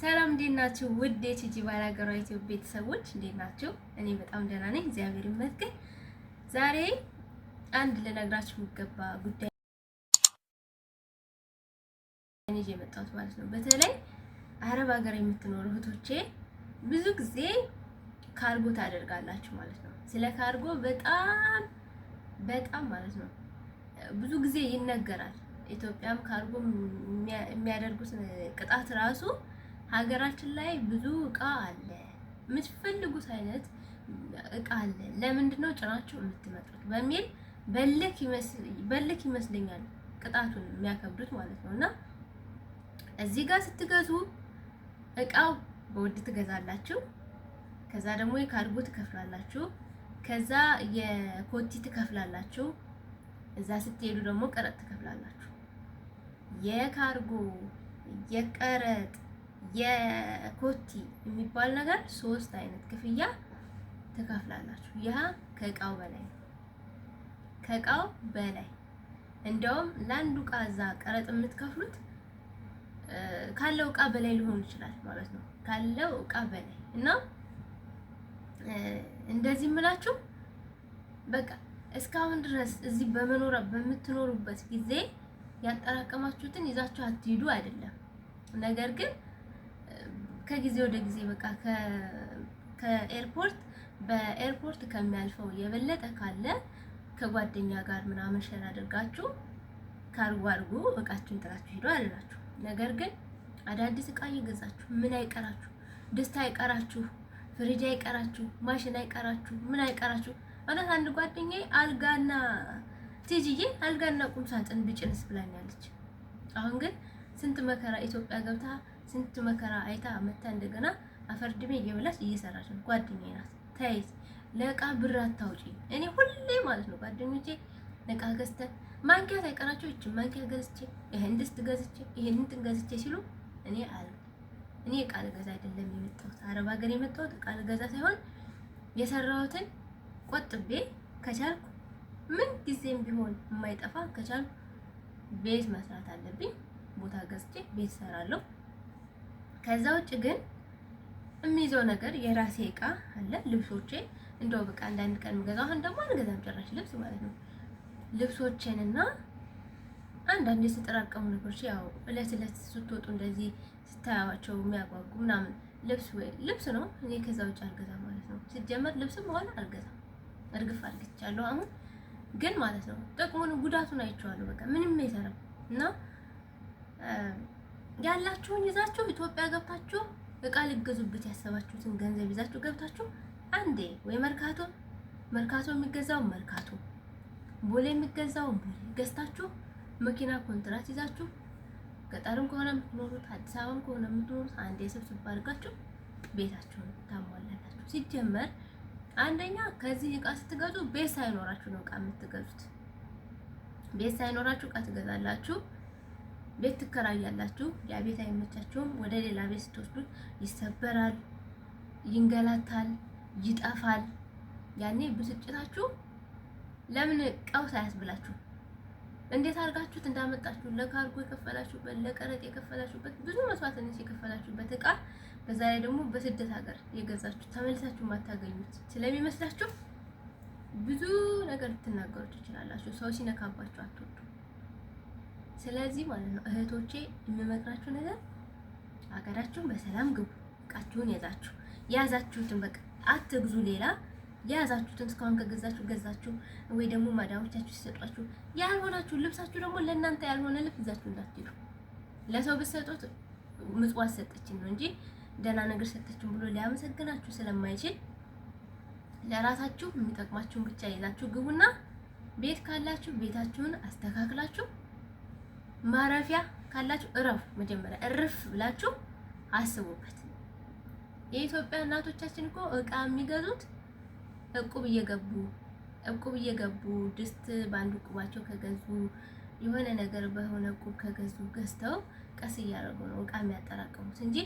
ሰላም እንዴት ናችሁ? ውድ የቲጂ ባላገሯ ኢትዮጵያ ቤተሰቦች እንዴት ናችሁ? እኔ በጣም ደህና ነኝ፣ እግዚአብሔር ይመስገን። ዛሬ አንድ ልነግራችሁ የሚገባ ጉዳይ ይዤ የመጣሁት ማለት ነው። በተለይ አረብ ሀገር የምትኖሩ እህቶቼ ብዙ ጊዜ ካርጎ ታደርጋላችሁ ማለት ነው። ስለ ካርጎ በጣም በጣም ማለት ነው ብዙ ጊዜ ይነገራል። ኢትዮጵያም ካርጎ የሚያደርጉት ቅጣት ራሱ ሀገራችን ላይ ብዙ እቃ አለ፣ የምትፈልጉት አይነት እቃ አለ። ለምንድን ነው ጭናችሁ የምትመጡት በሚል በልክ ይመስለኛል ቅጣቱን የሚያከብዱት ማለት ነው። እና እዚህ ጋር ስትገዙ እቃው በውድ ትገዛላችሁ። ከዛ ደግሞ የካርጎ ትከፍላላችሁ። ከዛ የኮቲ ትከፍላላችሁ። እዛ ስትሄዱ ደግሞ ቀረጥ ትከፍላላችሁ። የካርጎ የቀረጥ የኮቲ የሚባል ነገር ሶስት አይነት ክፍያ ትከፍላላችሁ። ያ ከእቃው በላይ ነው። ከእቃው በላይ እንደውም ለአንዱ እቃ እዛ ቀረጥ የምትከፍሉት ካለው እቃ በላይ ሊሆን ይችላል ማለት ነው። ካለው እቃ በላይ እና እንደዚህ ምላችሁ በቃ እስካሁን ድረስ እዚህ በመኖር በምትኖሩበት ጊዜ ያጠራቀማችሁትን ይዛችሁ አትሂዱ አይደለም ነገር ግን ከጊዜ ወደ ጊዜ በቃ ከኤርፖርት በኤርፖርት ከሚያልፈው የበለጠ ካለ ከጓደኛ ጋር ምናምን ሸር አድርጋችሁ ካርጎ አድርጎ እቃችሁን ጥላችሁ ሄዶ አላችሁ። ነገር ግን አዳዲስ እቃ እየገዛችሁ ምን አይቀራችሁ፣ ደስታ አይቀራችሁ፣ ፍሪጅ አይቀራችሁ፣ ማሽን አይቀራችሁ፣ ምን አይቀራችሁ። እውነት አንድ ጓደኛዬ አልጋና ትጅዬ አልጋና ቁም ሳጥን ብጭንስ ብላኛለች። አሁን ግን ስንት መከራ ኢትዮጵያ ገብታ ስንት መከራ አይታ መታ እንደገና አፈርድሜ እየበላች እየሰራች ነው። ጓደኛዬ ናት። ተይ ለእቃ ብር አታውጪ። እኔ ሁሌ ማለት ነው ጓደኞቼ እቃ ገዝተን ማንኪያ ሳይቀራቸው እች ማንኪያ ገዝቼ ይሄን ድስት ገዝቼ ይሄን እንትን ገዝቼ ሲሉ እኔ አለ እኔ እቃ ልገዛ አይደለም የመጣሁት አረብ ሀገር የመጣሁት እቃ ልገዛ ሳይሆን የሰራሁትን ቆጥቤ ከቻልኩ ምን ጊዜም ቢሆን የማይጠፋ ከቻልኩ ቤት መስራት አለብኝ። ቦታ ገዝቼ ቤት ሰራለሁ። ከዛ ውጭ ግን የሚይዘው ነገር የራሴ እቃ አለ። ልብሶቼ እንደው በቃ አንዳንድ ቀን የምገዛው አሁን ደግሞ አንገዛም ጭራሽ ልብስ ማለት ነው። ልብሶቼን እና አንዳንድ የተጠራቀሙ ነገሮች ያው እለት እለት ስትወጡ እንደዚህ ስታያቸው የሚያጓጉ ምናምን ልብስ ወይ ልብስ ነው። እኔ ከዛ ውጭ አልገዛም ማለት ነው። ሲጀመር ልብስም ሆነ አልገዛም። እርግፍ አድርግቻለሁ አሁን ግን ማለት ነው። ጥቅሙን ጉዳቱን አይቼዋለሁ። በቃ ምንም አይሰራም እና ያላችሁን ይዛችሁ ኢትዮጵያ ገብታችሁ እቃ ልገዙበት ያሰባችሁትን ገንዘብ ይዛችሁ ገብታችሁ አንዴ ወይ መርካቶ መርካቶ የሚገዛው መርካቶ ቦሌ የሚገዛው ቦሌ ገዝታችሁ መኪና ኮንትራት ይዛችሁ ገጠርም ከሆነ የምትኖሩት አዲስ አበባም ከሆነ የምትኖሩት አንዴ ስብስብ አድርጋችሁ ቤታችሁን ታሟላላችሁ። ሲጀመር አንደኛ ከዚህ እቃ ስትገዙ ቤት ሳይኖራችሁ ነው እቃ የምትገዙት። ቤት ሳይኖራችሁ እቃ ትገዛላችሁ። ቤት ትከራያላችሁ። ያ ቤት አይመቻችሁም፣ ወደ ሌላ ቤት ስትወስዱት ይሰበራል፣ ይንገላታል፣ ይጠፋል። ያኔ ብስጭታችሁ ለምን ቀውስ አያስብላችሁ? እንዴት አድርጋችሁት እንዳመጣችሁ ለካርጎ የከፈላችሁበት ለቀረጥ የከፈላችሁበት ብዙ መስዋዕትነት የከፈላችሁበት እቃ በዛ ላይ ደግሞ በስደት ሀገር የገዛችሁ ተመልሳችሁ ማታገኙት ስለሚመስላችሁ ብዙ ነገር ልትናገሩ ትችላላችሁ። ሰው ሲነካባችሁ አትወዱ። ስለዚህ ማለት ነው እህቶቼ የምመክራችሁ ነገር ሀገራችሁን በሰላም ግቡ። እቃችሁን ያዛችሁ ያዛችሁትን በቃ አትግዙ ሌላ የያዛችሁትን እስካሁን ከገዛችሁ ገዛችሁ ወይ ደግሞ ማዳሞቻችሁ ሲሰጧችሁ ያልሆናችሁ ልብሳችሁ ደግሞ ለእናንተ ያልሆነ ልብስ ይዛችሁ እንዳትሄዱ። ለሰው ብትሰጡት ምጽዋት ሰጠችን ነው እንጂ ደህና ነገር ሰጠችን ብሎ ሊያመሰግናችሁ ስለማይችል ለራሳችሁ የሚጠቅማችሁን ብቻ ይዛችሁ ግቡና ቤት ካላችሁ ቤታችሁን አስተካክላችሁ ማረፊያ ካላችሁ እረፉ። መጀመሪያ እርፍ ብላችሁ አስቡበት። የኢትዮጵያ እናቶቻችን እኮ እቃ የሚገዙት እቁብ እየገቡ እቁብ እየገቡ ድስት በአንድ እቁባቸው ከገዙ የሆነ ነገር በሆነ እቁብ ከገዙ ገዝተው ቀስ እያደረጉ ነው እቃ የሚያጠራቅሙት እንጂ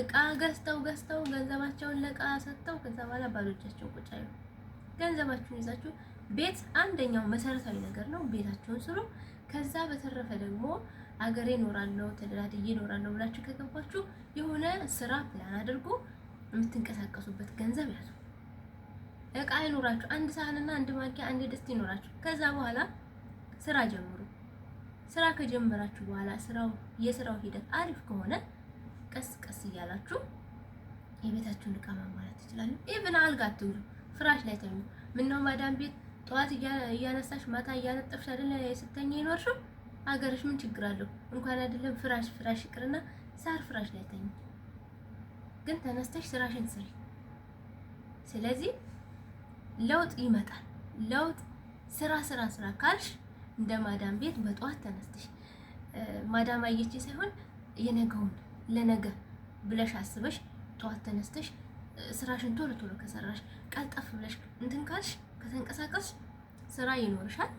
እቃ ገዝተው ገዝተው ገንዘባቸውን ለእቃ ሰጥተው ከዛ በኋላ ባዶ እጃቸውን ቁጭ ገንዘባችሁን ይዛችሁ ቤት አንደኛው መሰረታዊ ነገር ነው። ቤታችሁን ስሩ። ከዛ በተረፈ ደግሞ አገሬ እኖራለሁ ተደላድዬ እኖራለሁ ብላችሁ ከገባችሁ የሆነ ስራ ፕላን አድርጎ የምትንቀሳቀሱበት ገንዘብ ያዙ። እቃ ይኖራችሁ፣ አንድ ሳህንና አንድ ማንኪያ፣ አንድ ድስት ይኖራችሁ። ከዛ በኋላ ስራ ጀምሩ። ስራ ከጀመራችሁ በኋላ ስራው የስራው ሂደት አሪፍ ከሆነ ቀስ ቀስ እያላችሁ የቤታችሁን እቃ ማሟላት ትችላላችሁ። ኢቭን አልጋ አትግዙ፣ ፍራሽ ላይ ተኙ። ምነው ማዳም ቤት ጠዋት እያነሳሽ ማታ እያነጠፍሽ አይደለ ስተኛ ይኖርሽው አገርሽ ምን ችግር አለው? እንኳን አይደለም ፍራሽ ፍራሽ ይቅርና ሳር ፍራሽ ላይ ተኝ። ግን ተነስተሽ ስራሽን ስሪ። ስለዚህ ለውጥ ይመጣል። ለውጥ ስራ ስራ ስራ ካልሽ እንደ ማዳም ቤት በጠዋት ተነስተሽ ማዳም አየች ሳይሆን የነገውን ለነገ ብለሽ አስበሽ ጠዋት ተነስተሽ ስራሽን ቶሎ ቶሎ ከሰራሽ ቀልጠፍ ብለሽ እንትን ካልሽ ከተንቀሳቀስሽ ስራ ይኖርሻል፣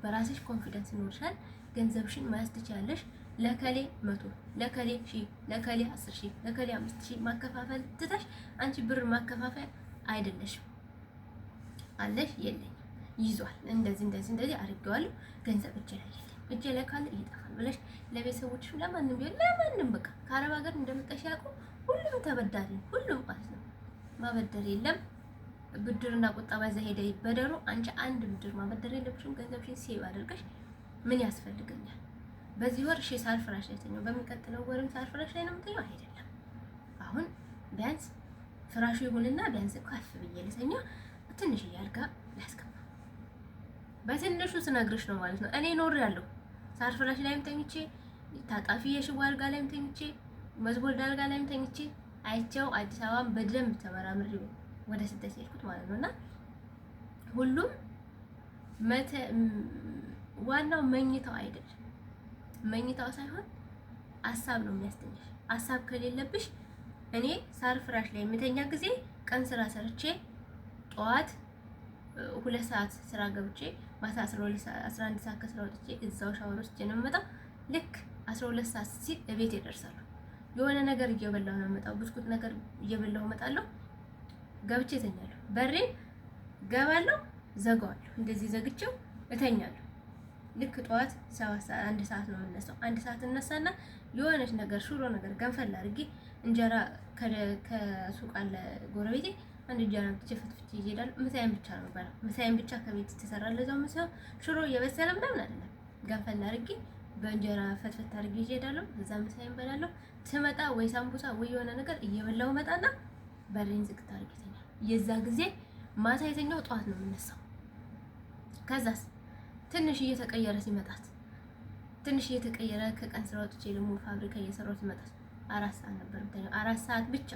በራስሽ ኮንፊደንስ ይኖርሻል፣ ገንዘብሽን መያዝ ትችያለሽ። ለከሌ መቶ ለከሌ ሺ ለከሌ አስር ሺ ለከሌ አምስት ሺ ማከፋፈል ትተሽ አንቺ ብር ማከፋፈል አይደለሽም። አለሽ የለኝም ይዟል እንደዚህ እንደዚህ እንደዚህ አድርጌዋለሁ ገንዘብ እጄ ላይ የለኝም እጄ ላይ ካለ ይጠፋል ብለሽ ለቤተሰቦች ለማንም ቢሆን ለማንም በቃ ከአረብ ሀገር እንደመጣሽ ያውቁ ሁሉም ተበዳሪ ሁሉም ማለት ነው ማበደር የለም ብድርና ቁጠባ እዛ ሄደ ይበደሩ። አንቺ አንድ ብድር ማበደር የለብሽም። ገንዘብሽን ሴቭ አድርገሽ ምን ያስፈልገኛል በዚህ ወር እሺ፣ ሳልፍራሽ ላይ ተኛው፣ በሚቀጥለው ወርም ሳልፍራሽ ላይ ነው የምትኛው አይደለም። አሁን ቢያንስ ፍራሹ ይሁንና ቢያንስ ከፍ ብዬ ልተኛ ትንሽ እያልጋ ላስገባ። በትንሹ ስነግርሽ ነው ማለት ነው። እኔ ኖር ያለሁ ሳልፍራሽ ላይም ተኝቼ ታጣፊ የሽቦ አልጋ ላይም ተኝቼ መዝጎልድ አልጋ ላይም ተኝቼ አይቼው አዲስ አበባን በደንብ ተመራምሬ ወደ ስደት ሄድኩት ማለት ነው። እና ሁሉም ዋናው መኝታው አይደለም፣ መኝታው ሳይሆን አሳብ ነው የሚያስተኛሽ። አሳብ ከሌለብሽ እኔ ሳር ፍራሽ ላይ የምተኛ ጊዜ ቀን ስራ ሰርቼ ጠዋት ሁለት ሰዓት ስራ ገብቼ ማታ 11 ሰዓት ከስራ ወጥቼ እዛው ሻወር ውስጥ ነው የምመጣው። ልክ 12 ሰዓት ሲል ቤት ይደርሳሉ። የሆነ ነገር እየበላሁ ነው የምመጣው። ብስኩት ነገር እየበላሁ እመጣለሁ። ገብቼ እተኛለሁ። በሬ ገባለሁ፣ ዘጋዋለሁ። እንደዚህ ዘግቼው እተኛለሁ። ልክ ጠዋት ሰባት ሰዓት አንድ ሰዓት ነው የምነሳው። አንድ ሰዓት እነሳና የሆነች ነገር ሽሮ ነገር ገንፈል አድርጌ እንጀራ ከሱቅ አለ ጎረቤቴ አንድ እንጀራ ብቻ ፍትፍት ይሄዳል። ምሳዬን ብቻ ነው ባላ ምሳዬን ብቻ ከቤት ተሰራለ። ዘው ምሳው ሽሮ እየበሰለ ምናምን አይደለም ገንፈል አድርጌ በእንጀራ ፈትፈት አድርጌ ይሄዳለሁ። እዛ ምሳዬን በላለሁ። ትመጣ ወይ ሳምቡሳ ወይ የሆነ ነገር እየበላው መጣና በሬን ዝግት አድርጌ የዛ ጊዜ ማታ የተኛው ጠዋት ነው የምነሳው። ከዛስ ትንሽ እየተቀየረ ሲመጣት ትንሽ እየተቀየረ ከቀን ስራ ወጥቼ ደግሞ ፋብሪካ እየሰራሁ ሲመጣት አራት ሰዓት ነበር የምተኛው። አራት ሰዓት ብቻ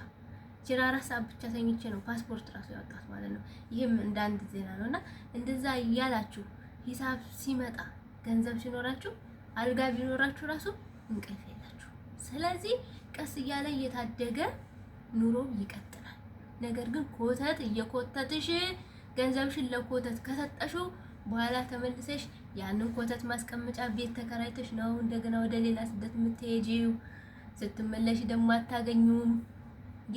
ችን አራት ሰዓት ብቻ ተኝቼ ነው ፓስፖርት ራሱ ያወጣት ማለት ነው። ይህም እንደ አንድ ዜና ነው እና እንደዛ እያላችሁ ሂሳብ ሲመጣ ገንዘብ ሲኖራችሁ አልጋ ቢኖራችሁ ራሱ እንቅልፍ የላችሁ። ስለዚህ ቀስ እያለ እየታደገ ኑሮ ይቀጥል። ነገር ግን ኮተት እየኮተትሽ ገንዘብሽን ለኮተት ከሰጠሽው በኋላ ተመልሰሽ ያንን ኮተት ማስቀመጫ ቤት ተከራይተሽ ነው እንደገና ወደ ሌላ ስደት የምትሄጂው። ስትመለሽ ደግሞ አታገኙም።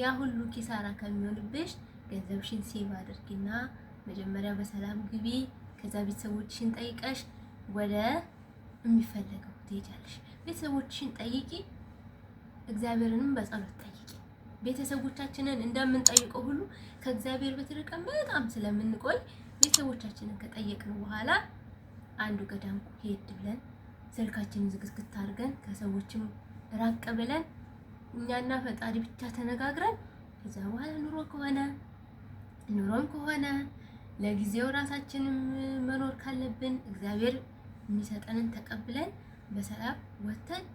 ያ ሁሉ ኪሳራ ከሚሆንብሽ ገንዘብሽን ሴቭ አድርጊና መጀመሪያ በሰላም ግቢ። ከዛ ቤተሰቦችሽን ጠይቀሽ ወደ የሚፈለገው ትሄጃለሽ። ቤተሰቦችሽን ጠይቂ፣ እግዚአብሔርንም በጸሎት ቤተሰቦቻችንን እንደምንጠይቀው ሁሉ ከእግዚአብሔር በትርቀን በጣም ስለምንቆይ ቤተሰቦቻችንን ከጠየቅን በኋላ አንዱ ገዳም ሄድ ብለን ስልካችንን ዝግዝግት አድርገን ከሰዎችም ራቅ ብለን እኛና ፈጣሪ ብቻ ተነጋግረን ከዛ በኋላ ኑሮ ከሆነ ኑሮም ከሆነ ለጊዜው ራሳችንም መኖር ካለብን እግዚአብሔር የሚሰጠንን ተቀብለን በሰላም ወጥተን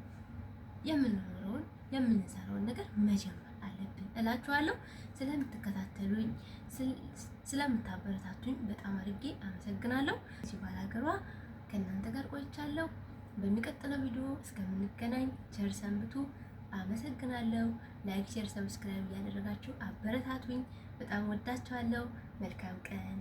የምንኖረውን የምንሰራውን ነገር መጀመር እላችኋለሁ። ስለምትከታተሉኝ ስለምታበረታቱኝ በጣም አድርጌ አመሰግናለሁ። እዚህ ባላገሯ ከእናንተ ጋር ቆይቻለሁ። በሚቀጥለው ቪዲዮ እስከምንገናኝ ቸር ሰንብቱ። አመሰግናለሁ። ላይክ፣ ሼር፣ ሰብስክራይብ እያደረጋችሁ አበረታቱኝ። በጣም ወዳችኋለሁ። መልካም ቀን